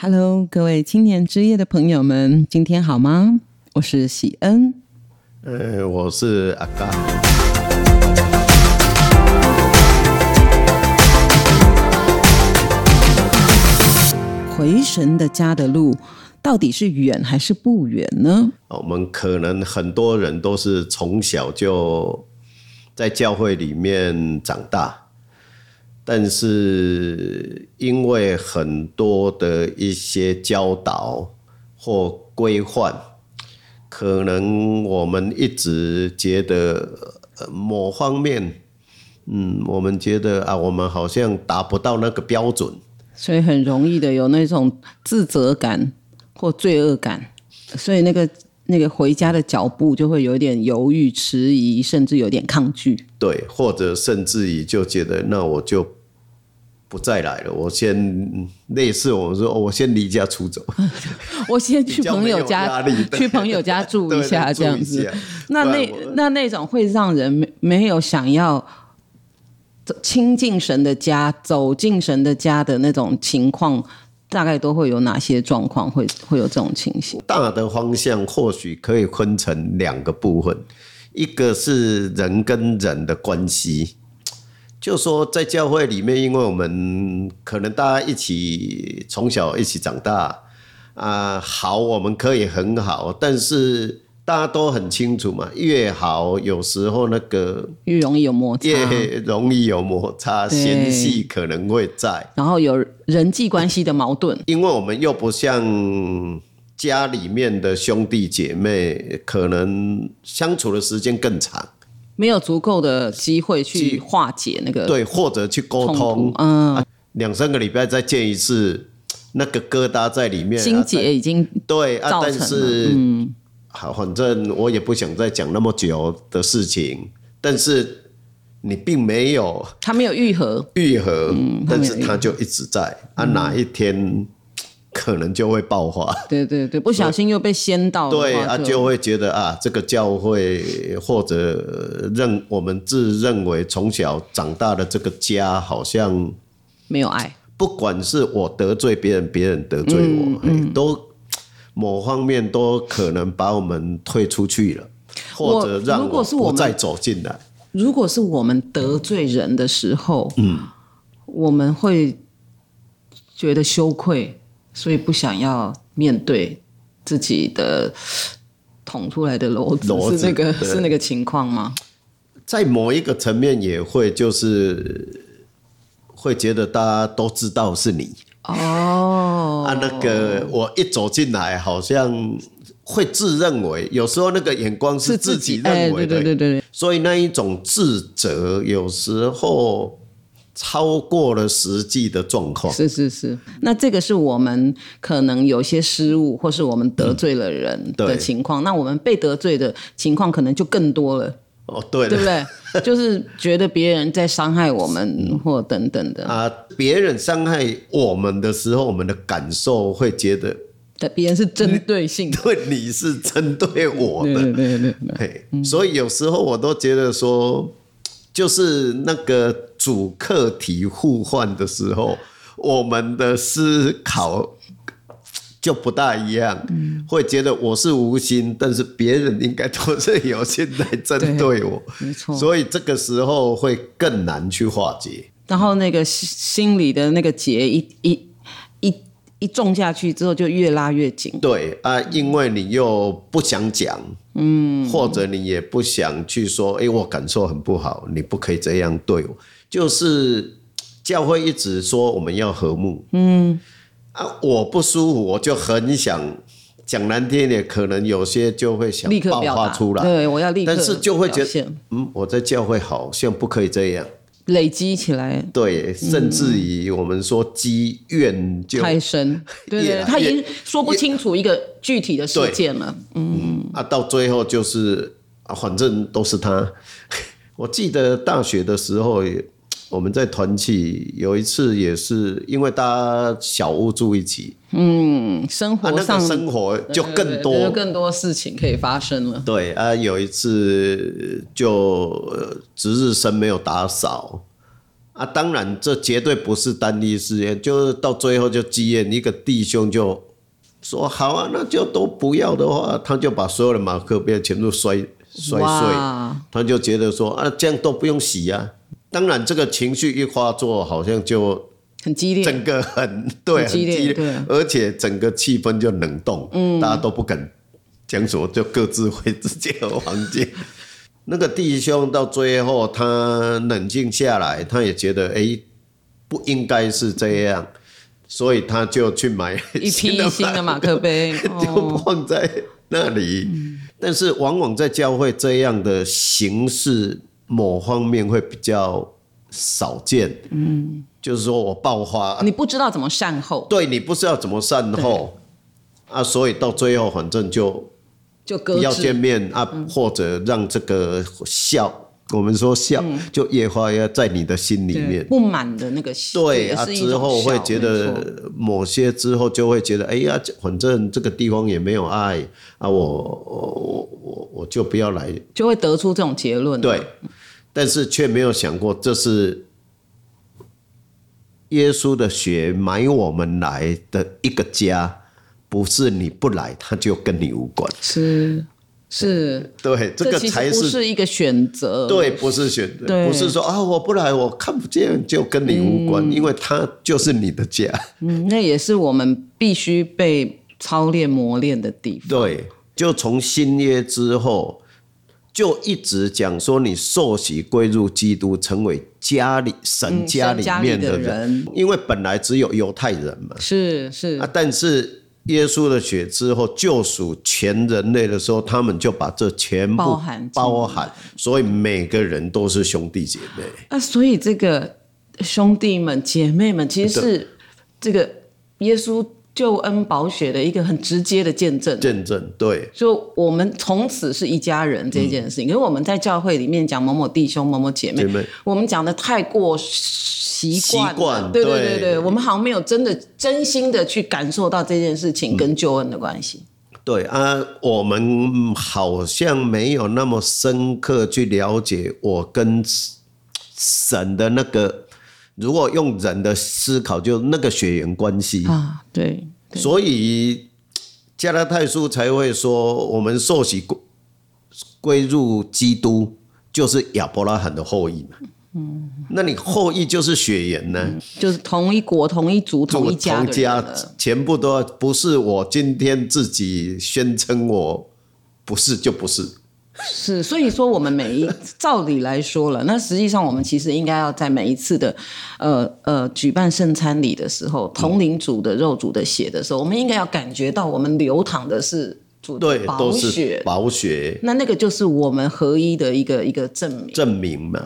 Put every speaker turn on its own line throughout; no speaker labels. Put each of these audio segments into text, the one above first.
Hello，各位青年之夜的朋友們，今天好嗎？我是喜恩。
呃，我是阿嘎。回
神的家的路到底是遠還是不遠呢？
我們可能很多人都是從小就在教會裡面長大。但是因為很多的一些教導或規範，可能我們一直覺得某方面，嗯，我們覺得啊，我們好像達不到那個標準，
所以很容易的有那種自責感或罪惡感，所以那個那個回家的腳
步就會有一點猶豫遲疑，甚至有點抗拒。對，或者甚至於就覺得，那我就。不再來了，我先類似我說，我先離家出走，
我先去朋友家 去朋友家住一下，這樣子。 那那 那那種會讓人沒沒有想要走親近神的家，走進神的家的那種情況，大概都會有哪些狀況？會會有這種情形？
大的方向或許可以分成兩個部分，一個是人跟人的關係。就說在教會裡面，因為我們可能大家一起從小一起長大啊、呃，好，我們可以很好，但是大家都很清楚嘛，越好有時候那個越容易有摩擦，對越容易有摩擦，嫌隙，可能會在，然後有人際關係的矛盾，因為我們又不像家裡面的兄弟姐妹，可能相處的時間更長。
沒有足夠的機會去化解那個衝突，對，
或者去溝通。嗯、啊，兩三個禮拜再見一次，那個疙瘩在裡面，啊、心結已經造成了，對啊。但是好、嗯啊，反正我也不想再講那麼久的事情。但是你並沒有，他沒有愈合，愈合，嗯、愈合但是他就一直在。啊，哪一天？嗯可能就會爆發，
對對對，不小心又被掀到，對啊，就
會覺得啊，這個教會或者認我們自認為從小長大的這個家，好像沒有愛。不管是我得罪別人，別人得罪我，嗯嗯、都某方面都可能把我們推出去了，或者讓我不再走進來如。
如果是我們得罪人的時候，嗯，我們會覺得羞愧。所以不想要面對自己的捅出來的簍子，子是那個對是那個情況嗎？
在某一個層面也會，就是會覺得大家都知道是你哦。Oh. 啊，那個我一走進來，好像會自認為，有時候那個眼光是自己認為的，哎、對對對對所以那一種自責有時候、嗯。超過了實際的狀況，是
是是。那這個是我們可能有些失誤，或是我們得罪了人的情況。嗯、那我們被得罪的情況可能就更多了。哦，對，對不對？就是覺得別人在傷害
我們，嗯、或等等的啊。別人傷害我們的時候，我們的感受會覺得，對別人是針對性的、嗯，對你是針對我的。對，對，對，對嘿，所以有時候我都覺得說。就是那個主客體互換的時候，我們的思考就不大一樣，嗯、會覺得我是無心，但是別人應該都是有心在針對我，對啊，沒錯。所以這個時候會更難去化解。
然後那個心裡的那個結一一一一種
下去之後，就越拉越緊。對啊，因為你又不想講。嗯，或者你也不想去說，誒、欸，我感受很不好，你不可以這樣對我。就是教會一直說我們要和睦，嗯，啊，我不舒服，我就很想講難聽的，可能有些就會想立刻爆發出來，對，我要立刻，但是就會覺得，嗯，我在教會好像不可以這樣。
累積起來，
對，甚至於我們說積怨就、嗯、就太
深， 對，對對，啊、他已經說不清楚一個具體的事件
了，對嗯，啊，到最後就是啊，反正都是他。 我記得大學的時候也。我們在團契有一次也是因為大家小屋住一起，嗯，生活上、啊那個、生活就更多對對對就更
多事情
可以發生了。對啊，有一次就值、呃、日生沒有打掃啊，當然這絕對不是單一事件，就是到最後就積怨，一個弟兄就說：“好啊，那就都不要的話，嗯、他就把所有的馬克杯全部摔摔碎，哇他就覺得說啊，這樣都不用洗啊。”當然，這個情緒一發作，好像就很，很激烈，整個很對，很激烈，對而且整個氣氛就冷凍，嗯，大家都不敢講什麼，就各自回自己的房間。 那個弟兄到最後，他冷靜下來，他也覺得哎、欸，不應該是這樣，所以他就去買一批新的馬克杯， 就放在那裡。哦、但是往往在教會這樣的形式，某方面會比較少見，嗯，就是說我爆發、啊，你不知道怎麼善後，對，你不知道怎麼善後，啊，所以到最後反正就
就要見
面啊，嗯、或者讓這個笑，我們說笑、嗯、就液化在你的心裡面，不
滿的那個心。對啊，之後會覺得
某些之後就會覺得錯哎呀，反正這個地方也沒有愛啊，我我我我我就不要來，就會得出這種結論，對。但是卻沒有想過，這是耶穌的血買我們來的一個家，不是你不來，他就跟你無關。
是，是
對，這,這個才是,不是
一個選擇。對，不
是選擇，對不是說啊，我不來，我看不見，就跟你無關，嗯、因為他就是你的家。嗯，
那也是我們必須被操練、磨練的地
方。對，就從新約之後。就一直講說，你受洗歸入基督，成為家裡神家裡面的人，嗯、的人，因為本來只有猶太人嘛。是，是啊，但是耶穌的血之後救贖全人類的時候，他們就把這全部包含，包含，所以每個人都是兄弟姐妹。
啊，所以這個兄弟們姐妹們其實是這個耶穌。救恩寶血的一個很直接的見證，見證對，就我們從此是一家人這件事情、嗯，因為我們在教會裡面講某某弟兄、某某姐妹，姐妹我們講的太過
習慣，習慣，對對對對，對
我們好像沒有真的真心的去感受到這件事情跟救恩的關係。嗯、
對啊，我們好像沒有那麼深刻去了解我跟神的那個。如果用人的思考，就那個血緣關係啊，對，對，所以加拉太書才會說，我們受洗歸歸入基督，就是亞伯拉罕的後裔嘛。嗯，那你後裔就是血緣呢、嗯？
就是同一國、同一族、同一家，同家的。
全部都不是我今天自己宣稱我不是就不是。
是，所以說我們每一照理來說了，那實際上我們其實應該要在每一次的，呃呃，舉辦聖餐禮的時候，同靈主的肉主的血的時候，嗯、我們應該要感覺到我們流淌的是。對，都是
寶血。
那那個就是我們合一的一個一個證
明證明嘛。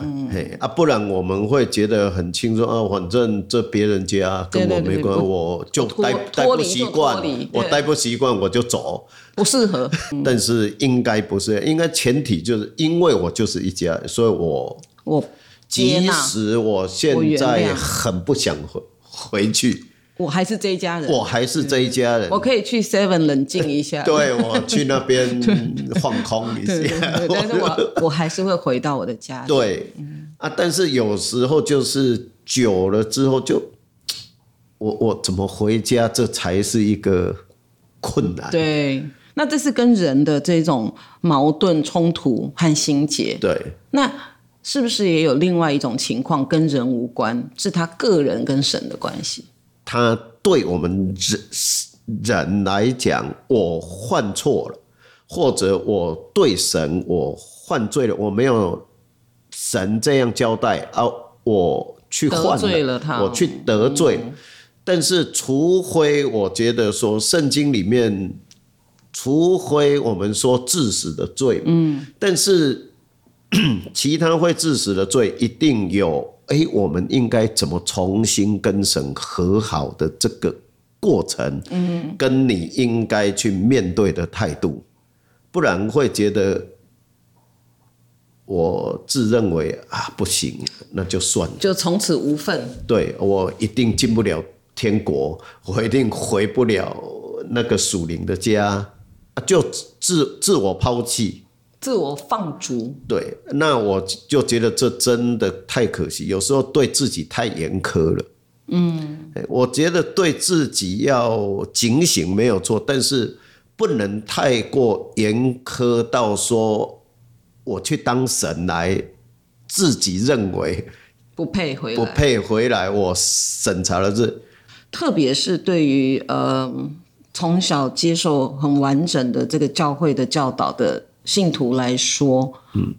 啊，不然我們會覺得很輕鬆啊，反正這別人家跟我沒關係，我就待待不習慣，我待不習慣我就走，不適合。但是應該不是，應該前提就是因為我就是一家，所以我我即使我現在很不想回回去。
我還是這一家人，我
還是這一家人。我
可以去 Seven 冷靜一下，對，我去
那邊放空一下，但是我
我還是會回到我的家。對，
啊，但是有時候就是久了之後就，就我我怎麼回家，這才是一個困難。
對，那這是跟人的這種矛盾
衝突和心結。對，
那是不是也有另外一種情況跟人無關，是他個人跟神的關係？
他對我們人人來講，我犯錯了，或者我對神我犯罪了，我沒有神這樣交代啊，我去犯罪了，他，我去得罪。嗯，但是，除非我覺得說，聖經裡面，除非我們說致死的罪，嗯，但是 其他會致死的罪一定有。哎，我們應該怎麼重新跟神和好的這個過程？嗯，跟你應該去面對的態度，不然會覺得我自認為啊不行，那就算了，就從此無份。對，我一定進不了天國，我一定回不了那個屬靈的家，就自自我拋棄。
自我放逐，
對，那我就覺得這真的太可惜。有時候對自己太嚴苛了，嗯，我覺得對自己要警醒沒有錯，但是不能太過嚴苛到說我去當神來，自己認為不配回來，不配回來。我審查了這，特別是對於呃
從小接受很完整的這個教會的教導的。信徒來說，嗯，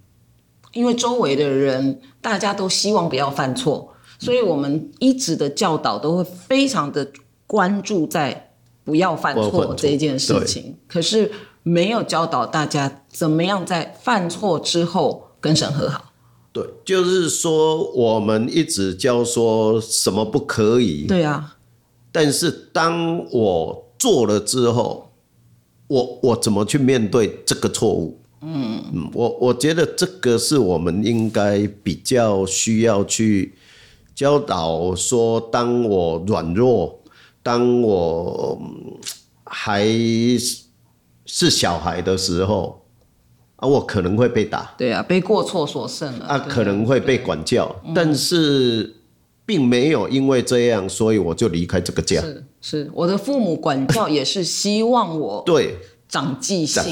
因為周圍的人大家都希望不要犯錯，嗯，所以我們一直的教導都會非常的關注在不要犯錯這一件事情，對可是沒有教導大家怎麼樣在犯錯之後跟神和好。
對，就是說我們一直教說什麼不可以，對啊，但是當我做了之後。我我怎麼去面對這個錯誤？嗯，嗯，我我覺得這個是我們應該比較需要去教導說，當我軟弱，當我還是是小孩的時候，啊，我可能會被打。
對啊，被過錯所剩了啊，啊可
能會被管教，啊、但是並沒有因為這樣，所以我就離開這個家。
是我的父母管教也是希望我
對，長記性，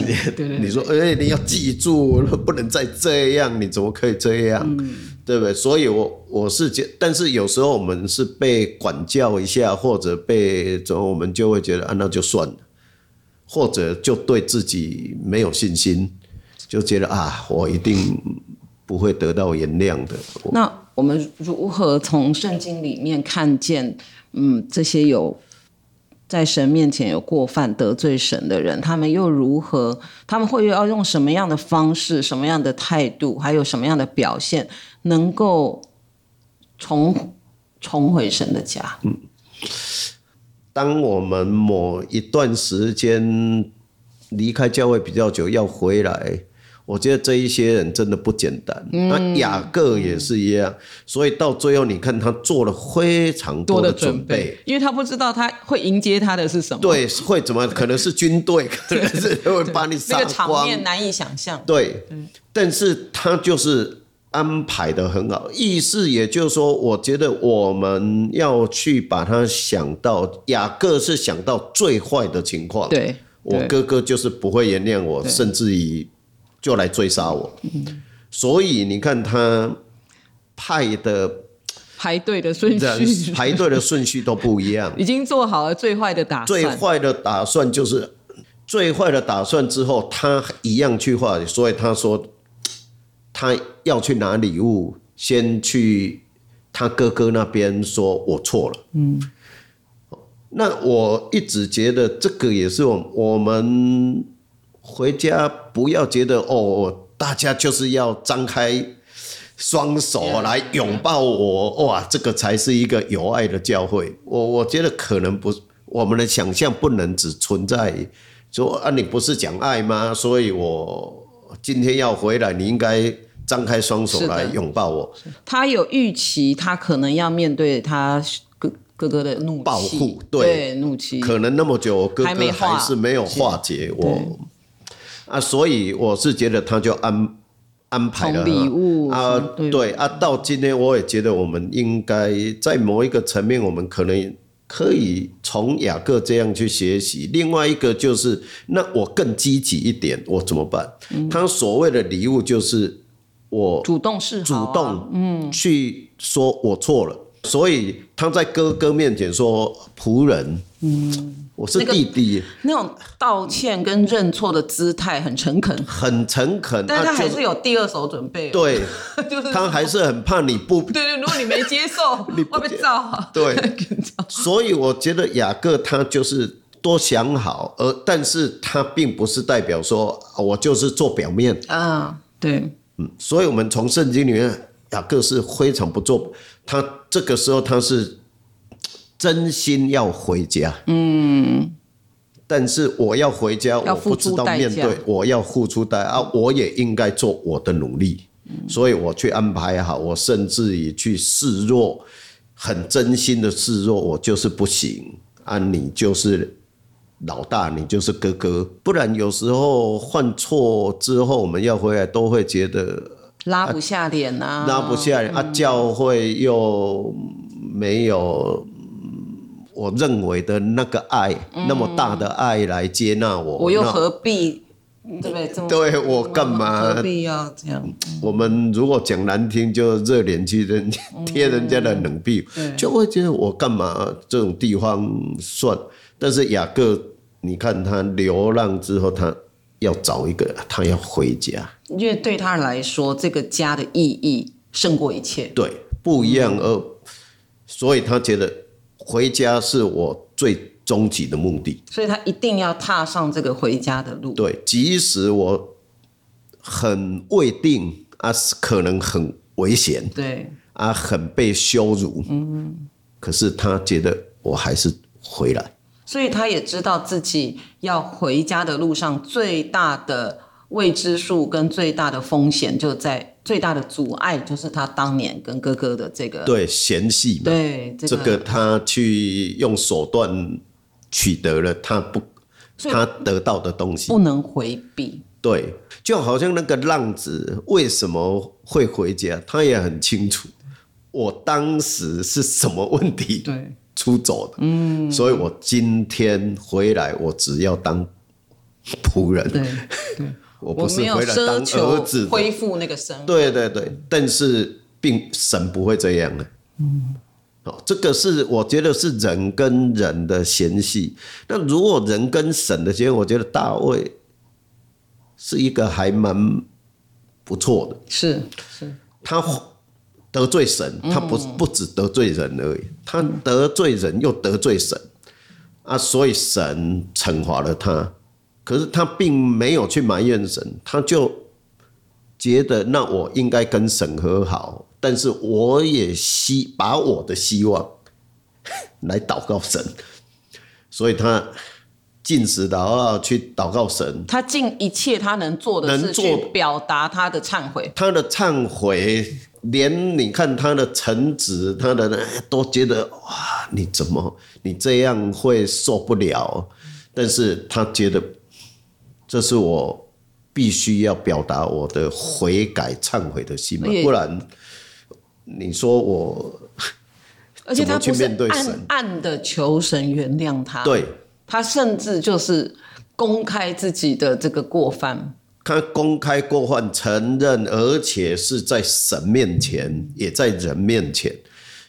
你說哎、欸，你要記住，不能再這樣，你怎麼可以這樣，嗯、對不對？所以我，我我是覺，但是有時候我們是被管教一下，或者被怎麼，我們就會覺得啊，那就算了，或者就對自己沒有信心，就覺得啊，我一定不會得到原諒的。 我
那我們如何從聖經裡面看見，嗯，這些有？在神面前有過犯得罪神的人，他們又如何？他們會又要用什麼樣的方式、什麼樣的態度，還有什麼樣的表現，能夠重重回神的家？嗯，
當我們某一段時間離開教會比較久，要回來。我覺得這一些人真的不簡單。嗯、那雅各也是一樣，嗯、所以到最後你看他做了非常多的，多的準備，
因為他不知道他會迎接他的是什麼。對，
會怎麼對可能是軍隊？對可能是會把你殺光，那個，場面
難以想象。對，
嗯、但是他就是安排的很好。意思也就是說，我覺得我們要去把他想到雅各是想到最壞的情況。對，我哥哥就是不會原諒我，對甚至於。就來追殺我，嗯、所以你看他派的
排隊的順序的，排
隊的順序都不一樣， 已
經做好了最壞的打算。最壞
的打算就是最壞的打算之後，他一樣去化解，所以他說他要去拿禮物，先去他哥哥那邊說，我錯了。嗯，那我一直覺得這個也是我我們。回家不要覺得哦，大家就是要張開雙手來擁抱我 yeah, yeah. 哇，這個才是一個有愛的教會。我我覺得可能不是我們的想象不能只存在說啊，你不是講愛嗎？所以我今天要回來，你應該張開雙手來擁抱我。
他有預期，他可能要面對他哥哥的怒氣，對，對，
怒氣，可能那麼久我哥哥還是沒有化解化我。啊，所以我是覺得他就安安排了禮物啊，嗯、對，對啊，到今天我也覺得我們應該在某一個層面，我們可能可以從雅各這樣去學習。另外一個就是，那我更積極一點，我怎麼辦？嗯、他所謂的禮物就是我主動示好，主動嗯去說我錯了。嗯所以他在哥哥面前說：“僕人，嗯，我是弟弟。”那個，
那種道歉跟認錯的姿態很誠懇，
很誠懇。但他還是有
第二手準備，哦啊就是。對， 就是說他還
是很怕你不。
對對，如果你沒接受， 你會接被造。
對， 所以我覺得雅各他就是多想好，而但是他並不是代表說我就是做表面。啊、嗯，對，嗯，所以我們從聖經裡面，雅各是非常不做。他這個時候他是真心要回家，嗯，但是我要回家，我不知道面對，要我要付出代價啊，我也應該做我的努力，嗯，所以我去安排好，我甚至於去示弱，很真心的示弱，我就是不行啊，你就是老大，你就是哥哥，不然有時候犯錯之後，我們要回來都會覺得。
拉不下臉啊，啊！拉不
下臉，嗯、啊！教會又沒有我認為的那個愛，嗯，那麼大的愛來接納我。我又何
必麼對不對？
對我幹嘛？何必要這樣？嗯，我們如果講難聽，就熱臉去人貼人家的冷屁股，嗯，就會覺得我幹嘛？這種地方算。但是雅各，你看他流浪之後，他。要找一個，他要回家，
因為對他來說，這個家的意義勝過一切。
對，不一樣，哦、嗯。所以，他覺得回家是我最終極的目的，
所以他一定要踏上這個回家的路。
對，即使我很未定啊，可能很危險，
對
啊，很被羞辱，嗯哼，可是他覺得我還是回來。
所以他也知道自己要回家的路上最大的未知數跟最大的風險就在，最大的阻礙就是他當年跟哥哥的這個，對，
嫌隙嘛，對、這個、這個他去用手段取得了他不，所以他得到的東西不
能迴避，
對，就好像那個浪子，為什麼會回家？他也很清楚我當時是什麼問題對。出走的，嗯、所以，我今天回來，我只要當僕人， 對，對，我不是回來當兒子的，恢
復那個神。對
對對。嗯、但是，並神不會這樣的，嗯、好、哦，這個是我覺得是人跟人的嫌隙。那如果人跟神的嫌隙，我覺得大衛是一個還蠻不錯的，是是，是他。得罪神，他不、嗯、不，不止得罪人而已，他得罪人又得罪神，啊，所以神懲罰了他，可是他並沒有去埋怨神，他就覺得那我應該跟神和好，但是我也希把我的希望來禱告神，所以他。禁食的，哦，去禱告神，
他盡一切他能做的，能做表達他的懺悔。
他的懺悔，連你看他的臣子，他的人都覺得哇，你怎麼你這樣會受不了？但是他覺得這是我必須要表達我的悔改、懺悔的心，且不然你說我，去面對神，而且他不
是暗暗的求神原諒他，對。他甚至就是公開自己的這個過犯，
他公開過犯承認，而且是在神面前，也在人面前。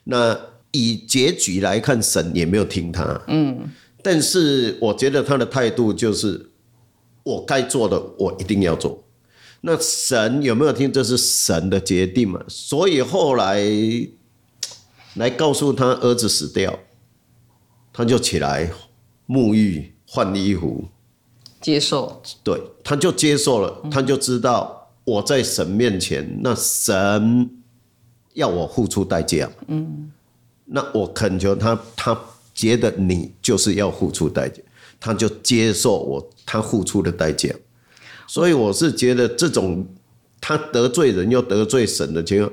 那以結局來看，神也沒有聽他。嗯，但是我覺得他的態度就是，我該做的我一定要做。那神有沒有聽？這是神的決定嘛。所以後來來告訴他兒子死掉，他就起來。沐浴，換衣服，接受，對，他就接受了，嗯、他就知道我在神面前，那神要我付出代價，嗯，那我懇求他，他覺得你就是要付出代價，他就接受我，他付出的代價，所以我是覺得這種，他得罪人又得罪神的情況，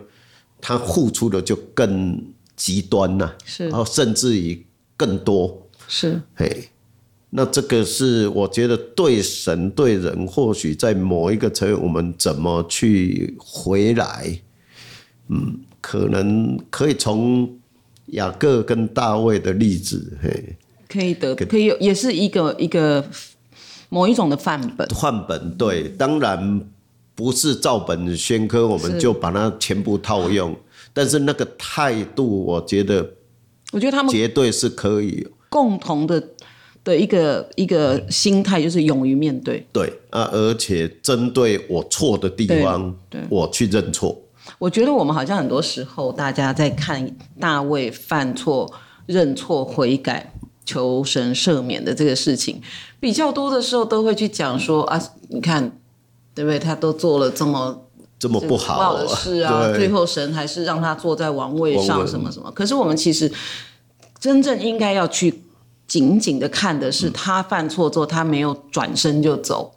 他付出的就更極端吶、啊，是，然後甚至於更多。是，嘿，hey, 那這個是我覺得對神對人，或許在某一個層，我們怎麼去回來？嗯，可能可以從雅各跟大衛的例子，嘿、hey，可以的，可以有，也是一個一個某一種的範本。範本，對，當然不是照本宣科，我們就把它全部套用，是啊，但是那個態度，我覺得，
我覺得他們絕
對是可以。
共同的的一個一個心態就是勇於面對，
對啊，而且針對我錯的地方，對對我去認錯。
我覺得我們好像很多時候，大家在看大衛犯錯、認錯、悔改、求神赦免的這個事情，比較多的時候都會去講說啊，你看，對不對？他都做了這
麼這麼不好啊，不好的事啊，對最後
神還是讓他坐在王位上，什麼什麼。問可是我們其實。真正應該要去緊緊的看的是，他犯錯之後，他沒有轉身就走，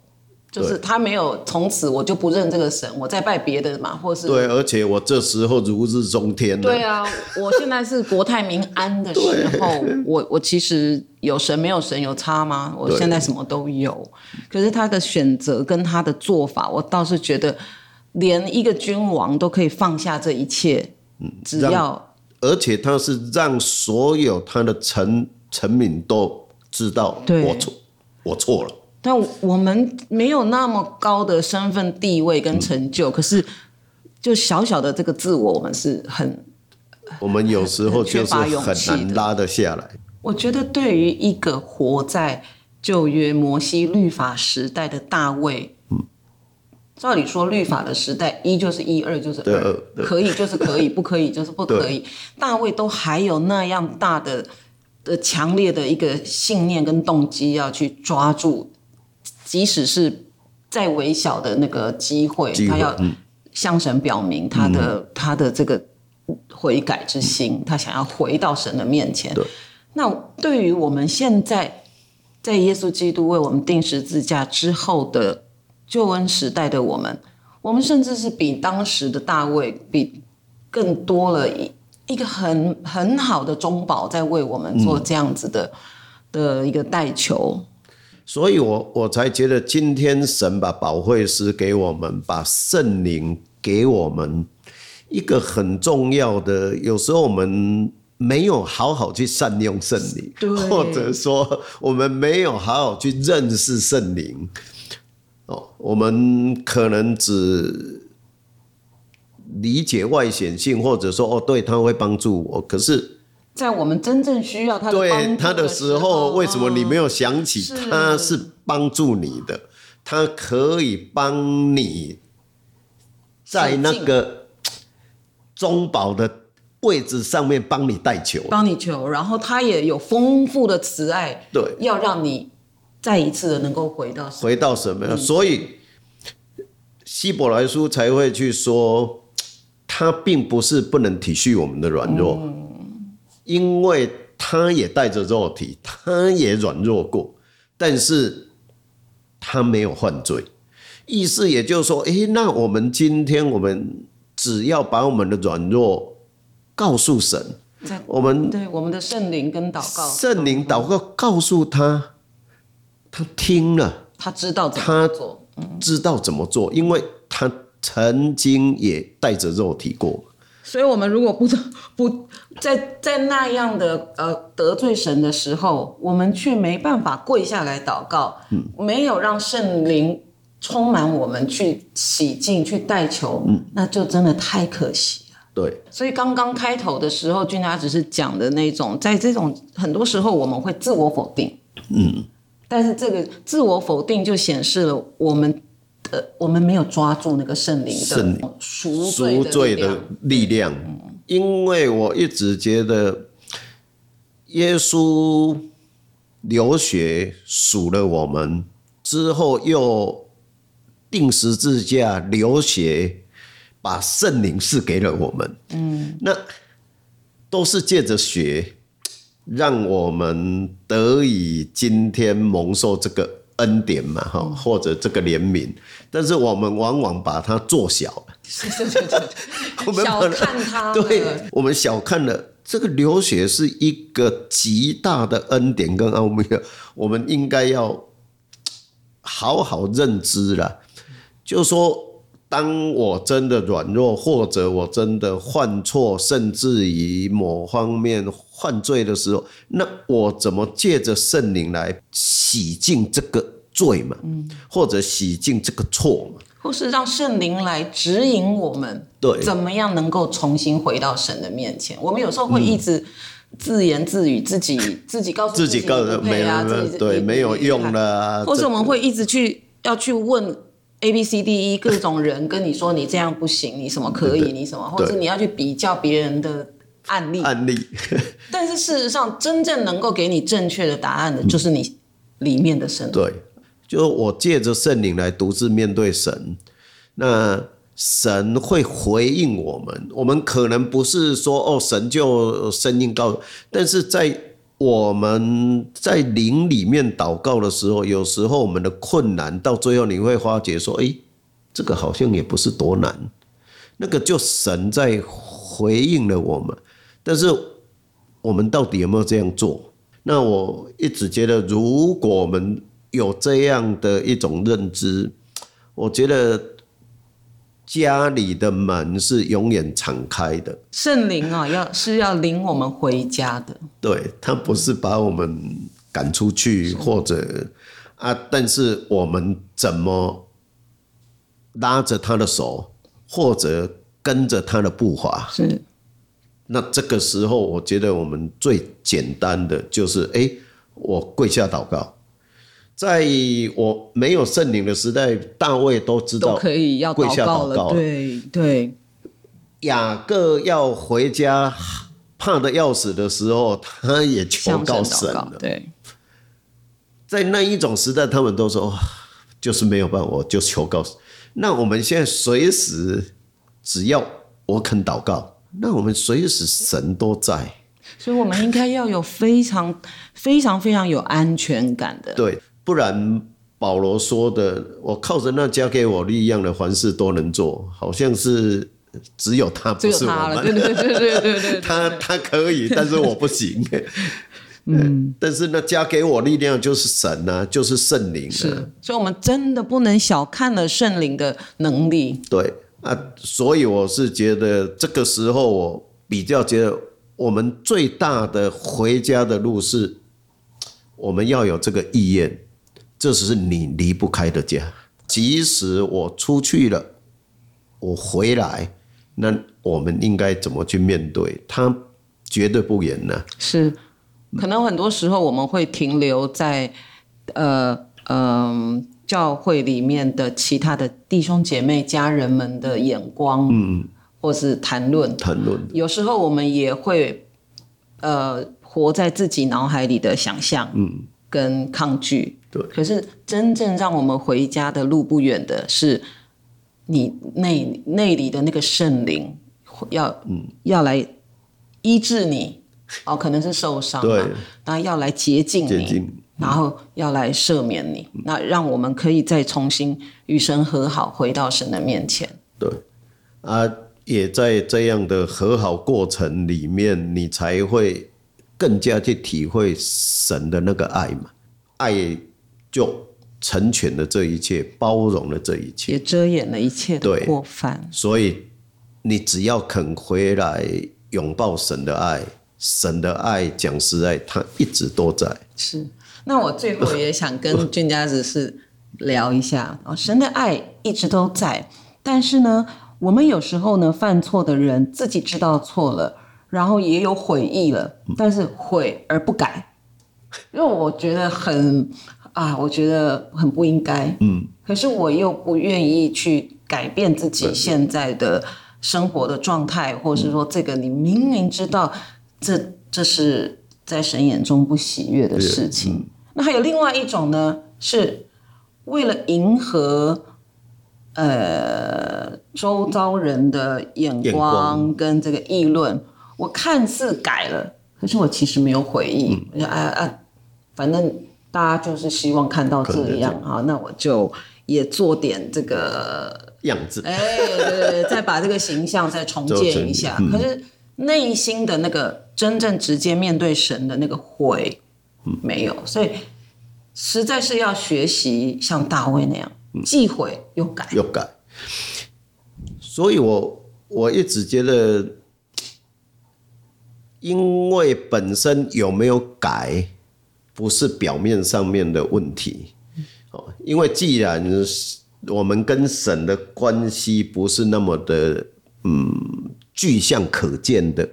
就是他沒有從此我就不認這個神，我再拜別的嘛，或是對，而
且我這時候如日中天。對
啊，我現在是國泰民安的時候，我我其實有神沒有神有差嗎？我現在什麼都有，可是他的選擇跟他的做法，我倒是覺得，連一個君王都可以放下這一切，只要。
而且他是讓所有他的臣臣民都知道我錯，對我錯了。
但我們沒有那麼高的身份地位跟成就，嗯、可是就小小的這個自我，我們是很，
我們有時候缺乏勇氣，很難拉得下來。
我覺得，對於一個活在舊約摩西律法時代的大衛。照理說，律法的時代，一就是一，二就是二，可以就是可以，不可以就是不可以。對大衛都還有那樣大的的強烈的一個信念跟動機，要去抓住，即使是再微小的那個機會，機會他要向神表明他的、嗯、他的這個悔改之心，嗯、他想要回到神的面前。對那對於我們現在，在耶穌基督為我們釘十字架之後的。救恩時代的我們，我們甚至是比當時的大衛，比更多了一一個很很好的中保，在為我們做這樣子的、嗯、的一個代求。
所以我我才覺得，今天神把保惠師給我們，把聖靈給我們，一個很重要的，有時候我們沒有好好去善用聖靈，或者說我們沒有好好去認識聖靈。哦，我們可能只理解外顯性，或者說哦，對，他會幫助我。可是，
在我們真正需要他對
他的時候，時候為什麼你沒有想起他是幫助你的？他可以幫你，在那個中保的位置上面幫你代求，
幫你求，然後他也有豐富的慈愛，對，要讓你。再一次的能夠回到
回到什麼呀？嗯、所以希伯來書才會去說，他並不是不能體恤我們的軟弱，嗯、因為他也帶着肉體，他也軟弱過，嗯、但是對他沒有犯罪。意思也就是說，誒，那我們今天我們只要把我們的軟弱告訴神，
在我們對我們的聖靈跟禱告，聖
靈禱告告訴他。嗯嗯他聽了，他知道怎麼做，知道怎麼做，嗯、因為他曾經也帶着肉體過。
所以，我們如果不不在在那樣的呃得罪神的時候，我們卻沒辦法跪下來禱告，嗯、沒有讓聖靈充滿我們去洗淨、去代求。嗯、那就真的太可惜了。對。所以，剛剛開頭的時候，俊佳只是講的那種，在這種很多時候，我們會自我否定。嗯。但是這個自我否定就顯示了我們的，我們沒有抓住那個聖靈的
贖贖罪的力量。因為我一直覺得，耶穌流血贖了我們，之後又釘十字架流血，把聖靈賜給了我們。嗯，那都是借着血。讓我們得以今天蒙受這個恩典嘛，哈，或者這個憐憫，但是我們往往把它做小了，是是是是 我們小看它，對，我們小看了這個流血是一個極大的恩典跟奧秘，我們應該要好好認知了。就說，當我真的軟弱，或者我真的犯錯，甚至於某方面。犯罪的時候，那我怎麼借着聖靈來洗淨這個罪嘛，或者洗淨這個錯嘛，
或是讓聖靈來指引我們，對，怎麼樣能夠重新回到神的面前？我們有時候會一直自言自語，自己自己告訴自己，告訴沒有了，對，
沒有用了，或者我們
會一直去要去問 A B C D E 各種人，跟你說你這樣不行，你什麼可以，你什麼，或者你要去比較別人的案例，案例。但是事實上，真正能夠給你正確的答案的，就是你裡面
的神。嗯、對，就是我借着聖靈來獨自面對神，那神會回應我們。我們可能不是說哦，神就聲音告，但是在我們在靈裡面禱告的時候，有時候我們的困難到最後，你會發覺說，誒，這個好像也不是多難。那個就神在回應了我們。但是我們到底有沒有這樣做？那我一直覺得，如果我們有這樣的一種認知，我覺得家裡的門是永遠敞開的。
聖靈啊，要是要領我們回家的，
對，他不是把我們趕出去，對或者啊，但是我們怎麼拉着他的手，或者跟着他的步伐，是。那這個時候，我覺得我們最簡單的就是，哎、欸，我跪下禱告。在我沒有聖靈的時代，大衛都知道可以要跪下禱告，對對。雅各要回家，怕得要死的時候，他也求告神了。對，在那一種時代，他們都說就是沒有辦法，我就求告。那我們現在隨時，只要我肯禱告。那我們隨時神都在，
所以我們應該要有非常、 非常、非常有安全感的。
對，不然保羅說的“我靠着那加給我力量的凡事都能做”，好像是只有他不是我們，只有他了。對對對，對，對，對 他他可以，但是我不行。 嗯，但是那加給我力量就是神啊，就是聖靈啊。是
所以，我們真的不能小看了聖靈的能力。
對。啊，所以我是覺得這個時候，我比較覺得我們最大的回家的路是，我們要有這個意願，這是你離不開的家。即使我出去了，我回來，那我們應該怎麼去面對？他絕對不遠呢、啊？
是，可能很多時候我們會停留在，呃，嗯、呃。教會裡面的其他的弟兄姐妹、家人們的眼光，嗯，或是談論、談論。有時候我們也會，呃，活在自己腦海裡的想象，嗯，跟抗拒。嗯、對。可是真正讓我們回家的路不遠的是，你內內裡的那個聖靈要，嗯、要來醫治你，哦，可能是受傷、啊，對，啊，要來潔淨你。然後要來赦免你，嗯，那讓我們可以再重新與神和好，回到神的面前。
對，啊，也在這樣的和好過程裡面，你才會更加去體會神的那個愛嘛。愛就成全了這一切，包容了這一切，也遮掩了一切的過犯。所以你只要肯回來擁抱神的愛，神的愛，講實在，他一直都在。是。
那我最後也想跟俊佳子是聊一下啊，啊、哦，神的愛一直都在，但是呢，我們有時候呢犯錯的人自己知道錯了，然後也有悔意了，但是悔而不改，嗯、因為我覺得很啊，我覺得很不應該，嗯，可是我又不願意去改變自己現在的生活的狀態，嗯、或是說，這個你明明知道這這是在神眼中不喜悅的事情。嗯嗯。那還有另外一種呢，是為了迎合，呃，周遭人的眼光跟這個議論，光我看似改了，可是我其實沒有悔意。嗯、我就、啊、反正大家就是希望看到這樣啊，那我就也做點這個樣子。哎、欸，對，對對對，再把這個形象再重建一下。嗯、可是內心的那個真正直接面對神的那個悔。嗯、沒有，所以實在是要學習像大衛那樣，既悔、嗯、又
改。又改。所以我我一直覺得，因為本身有沒有改，不是表面上面的問題。哦、嗯，因為既然我們跟神的關係不是那麼的，嗯，具象可見的。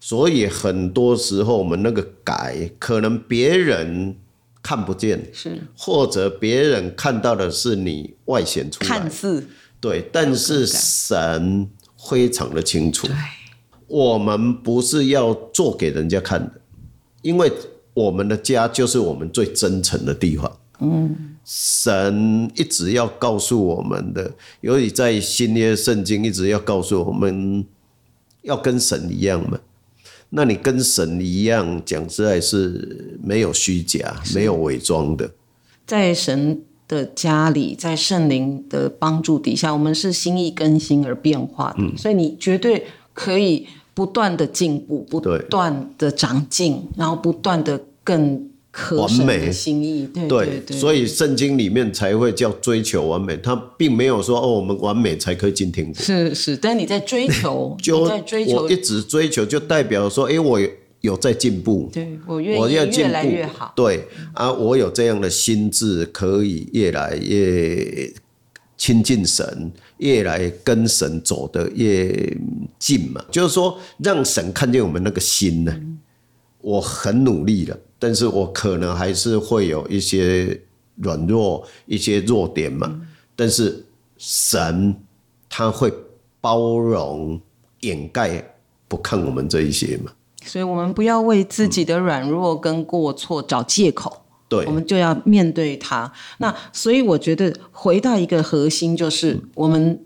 所以很多時候我們那個改，可能別人看不見，是或者別人看到的是你外顯出來，看似對，但是神非常的清楚。嗯，對。我們不是要做給人家看的，因為我們的家就是我們最真誠的地方。嗯，神一直要告訴我們的，尤其在新約聖經一直要告訴我們要跟神一樣嘛。嗯那你跟神一樣，講實在，是沒有虛假、是沒有偽裝的。
在神的家裡，在聖靈的幫助底下，我們是心意更新而變化的。嗯，所以你絕對可以不斷地進步，不斷地長進，對然後不斷地更。完美心意，對，所
以聖經裡面才會叫追求完美。他並沒有說哦，我們完美才可以進天國。是
是，但你在追求，
就在追求，我一直追求，就代表說，哎、欸，我有在進步、步。
對我要越來越好。
對啊，我有這樣的心智，可以越來越親近神，越來跟神走得越近嘛。就是說，讓神看見我們那個心呢，嗯、我很努力了。但是我可能還是會有一些軟弱、一些弱點嘛。嗯、但是神他會包容、掩蓋、不看我們這一些嘛。
所以，我們不要為自己的軟弱跟過錯找借口。嗯、對，我們就要面對它。那所以，我覺得回到一個核心，就是我們、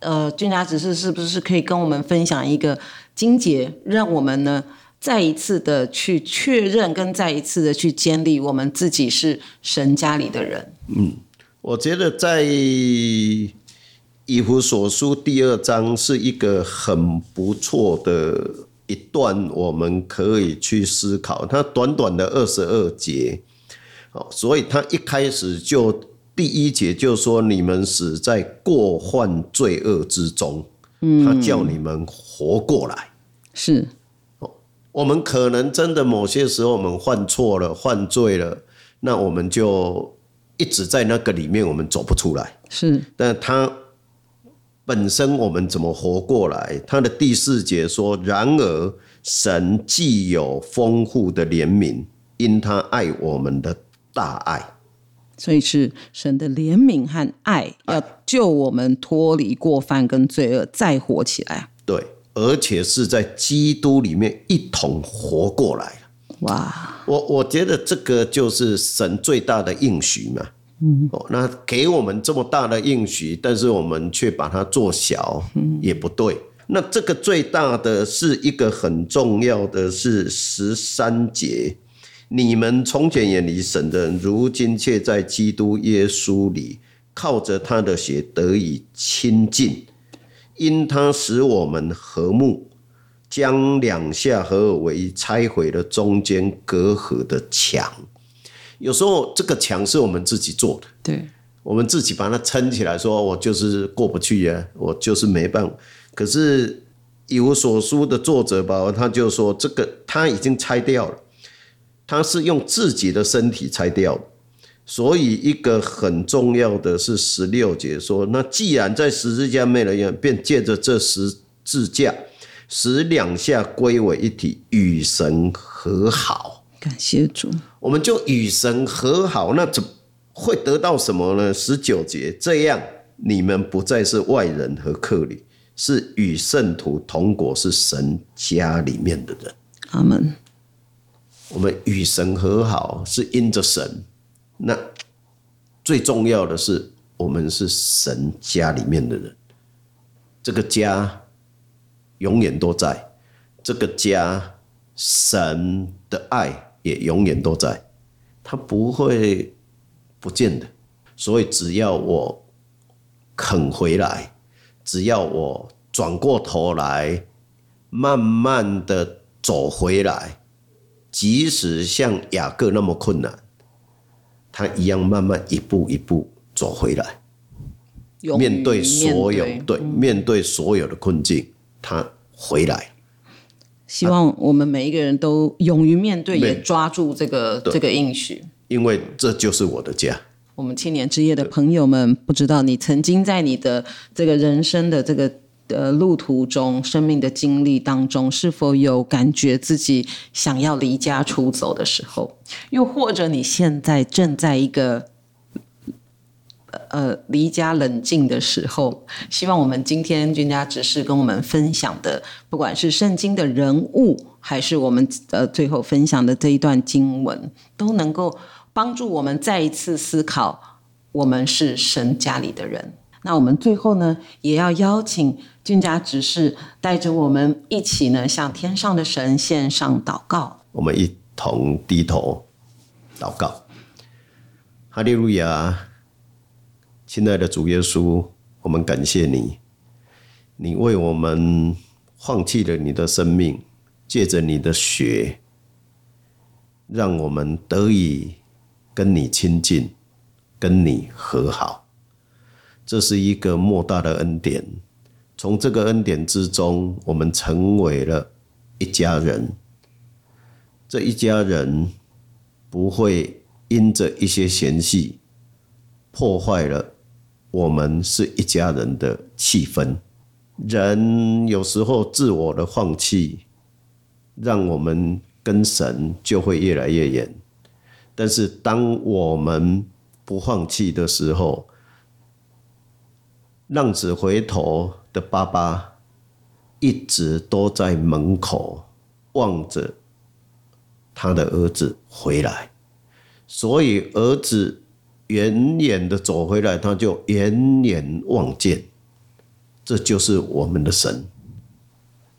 嗯、呃，俊家指示是不是可以跟我們分享一個經節，讓我們呢？再一次的去確認，跟再一次的去建立，我們自己是神家裡的人。嗯，
我覺得在以弗所書第二章是一個很不錯的一段，我們可以去思考。它短短的二十二節，哦，所以他一開始就第一節就說：“你們死在過犯罪惡之中。”嗯，他叫你們活過來。是。我們可能真的某些時候我們犯錯了、犯罪了，那我們就一直在那個裡面，我們走不出來。是，但他本身我們怎麼活過來？他的第四節說：“然而神既有豐富的憐憫，因他愛我們的大愛，
所以是神的憐憫和愛要救我們脫離過犯跟罪惡，再活起來。”
而且是在基督裡面一同活過來了，哇！我我覺得這個就是神最大的應許嘛。嗯，哦，那給我們這麼大的應許，但是我們卻把它做小，也不對。嗯、那這個最大的是一個很重要的，是十三節：你們從前遠離神的人，如今卻在基督耶穌裡靠着他的血得以親近。因他使我們和睦，將兩下合而為一，拆毀了中間隔閡的牆。有時候這個牆是我們自己做的，對，我們自己把它撐起來，說我就是過不去呀、啊，我就是沒辦法。可是《以弗所書》的作者吧，他就說這個他已經拆掉了，他是用自己的身體拆掉的。所以，一個很重要的是十六節說：那既然在十字架沒了，願便借着這十字架，使兩下歸為一體，與神和好。感謝主，我們就與神和好。那怎會得到什麼呢？十九節這樣，你們不再是外人和客旅，是與聖徒同國，是神家裡面的人。阿門們。我們與神和好，是因着神。那最重要的是，我們是神家裡面的人，這個家永遠都在，這個家神的愛也永遠都在，他不會不見的。所以只要我肯回來，只要我轉過頭來，慢慢的走回來，即使像雅各那麼困難。他一樣慢慢一步一步走回來，勇
於 面對所有面對，
對、嗯、面對所有的困境，他回來。
希望他我們每一個人都勇於面對，也
抓住這個這個應許，因為這就是我的家。
我們青年之夜的朋友們，不知道你曾經在你的這個人生的這個。的路途中，生命的經歷當中，是否有感覺自己想要離家出走的時候？又或者你現在正在一個呃離家冷靜的時候？希望我們今天君家執事跟我們分享的，不管是聖經的人物，還是我們呃最後分享的這一段經文，都能夠幫助我們再一次思考，我們是神家裡的人。那我們最後呢，也要邀請。君家執事帶着我們一起呢，向天上的神獻上禱告。
我們一同低頭禱告，哈利路亞！親愛的主耶穌，我們感謝你，你為我們放棄了你的生命，借着你的血，讓我們得以跟你親近，跟你和好。這是一個莫大的恩典。從這個恩典之中，我們成為了一家人。這一家人不會因着一些嫌隙，破壞了我們是一家人的氣氛。人有時候自我的放棄，讓我們跟神就會越來越遠。但是當我們不放棄的時候，浪子回頭。的爸爸一直都在門口望着他的兒子回來，所以兒子遠遠的走回來，他就遠遠望見。這就是我們的神，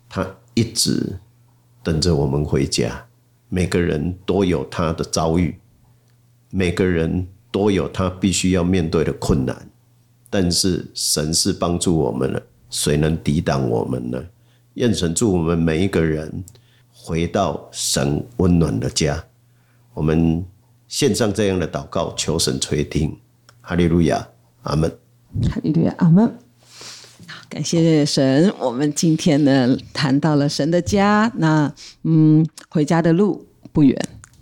他一直等着我們回家。每個人都有他的遭遇，每個人都有他必須要面對的困難，但是神是幫助我們的。誰能抵擋我們呢？願神祝我們每一個人回到神溫暖的家。我們獻上這樣的禱告，求神垂聽。哈利路亞，阿門。
哈利路亞，阿門。好，感謝神。我們今天呢，談到了神的家。那嗯，回家的路不遠。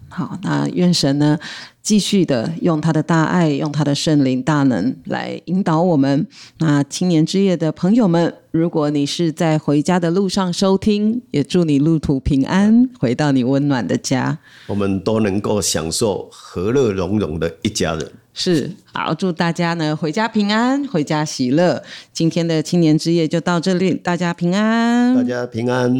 好，那願神呢。繼續的用他的大愛，用他的聖靈大能來引導我們。那青年之夜的朋友們，如果你是在回家的路上收聽，也祝你路途平安，回到你溫暖的家。
我們都能夠享受和樂融融的一家人。
是，好，祝大家呢回家平安，回家喜樂。今天的青年之夜就到這裡，大家平安，大家平安。